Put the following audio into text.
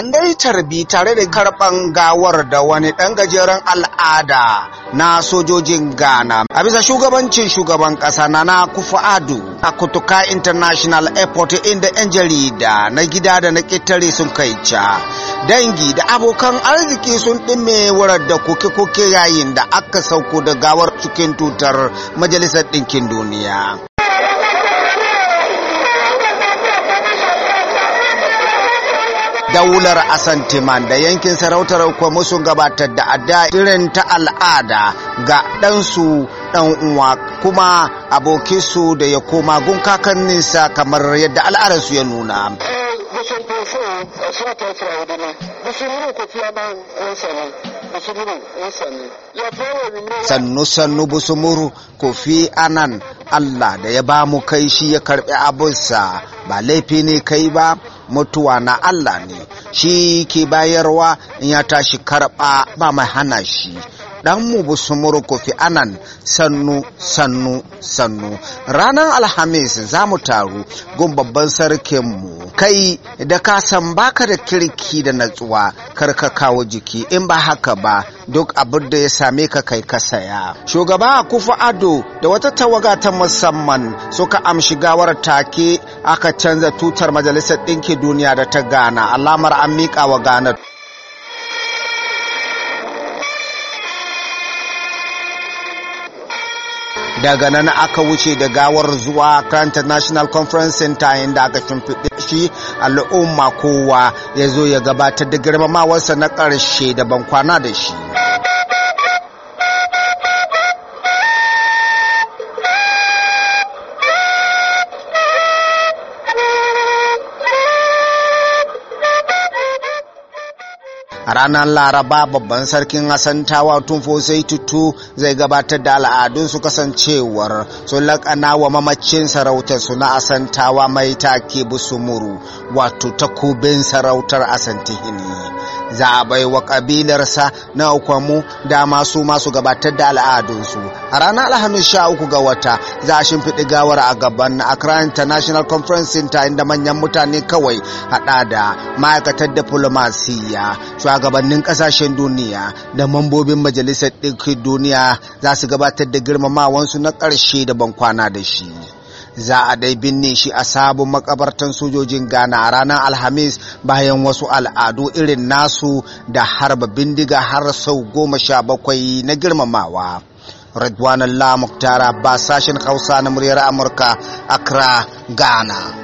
an dai tarbi tare da karban gawar da wani ɗan gajeren al'ada na sojojin ghana a bisa shugabancin shugaban ƙasa na kufa adu a kutuka international airport inda 'yan jarida na gida da na ƙetare sun kai ca dangi da abokan arziki sun ɗime da koke-koke yayin da aka sauko da gawar cikin tutar majalisar ɗinkin duniya daular asantiman da yankin sarautar kwamishin gabatar da adda irin ta al'ada ga ɗansu ɗan uwa kuma abokinsu da ya koma gun kakanninsa kamar yadda al'adarsu ya nuna. Eh, sannu sannu busumuru kofi anan Allah da ya ba mu kai shi ya karbi abunsa ba laifi ne kai ba mutuwa na Allah ne shi ke bayarwa in ya tashi karɓa ba mai hana shi mu ɗanmu busu murkufi anan sannu sannu sannu ranar alhamis za mu taru gun babban sarkin mu. kai da ka san baka da kirki da natsuwa kar ka kawo jiki in ba haka ba duk abin da ya same ka kai ka saya shugaba kufa ado da wata tawaga ta musamman suka amshi gawar take aka canza tutar majalisar ɗinki duniya da ta gana alamar an miƙa wa ganar daga nan aka wuce da gawar zuwa Kanta National Conference Center inda aka shimfiɗe shi al'umma kowa ya zo ya gabatar da girmamawarsa na ƙarshe da ban kwana da shi. a ranar laraba babban sarkin asantawa tumfo fosai tutu zai gabatar da al'adun su kasancewar sun lakana wa mamacin sarautar su na asantawa mai take busumuru wato takubin sarautar asantihini za a bai wa kabilarsa na ukwamu da masu masu gabatar da al'adunsu a ranar alhamis sha uku ga wata za a shimfiɗi gawar a gaban accra international conference center inda manyan mutane kawai haɗa da ma'aikatar diflomasiyya shugabannin kasashen duniya da mambobin majalisar ɗinkin duniya za su gabatar da girmamawansu na ƙarshe da ban kwana da shi za a dai binne shi a sabon makabartan sojojin ghana a ranar alhamis bayan wasu al'adu irin nasu da harba bindiga har sau goma sha bakwai na girmamawa Redwan Allah Muktara ba sashen Hausa na muryar Amurka, Accra, Ghana.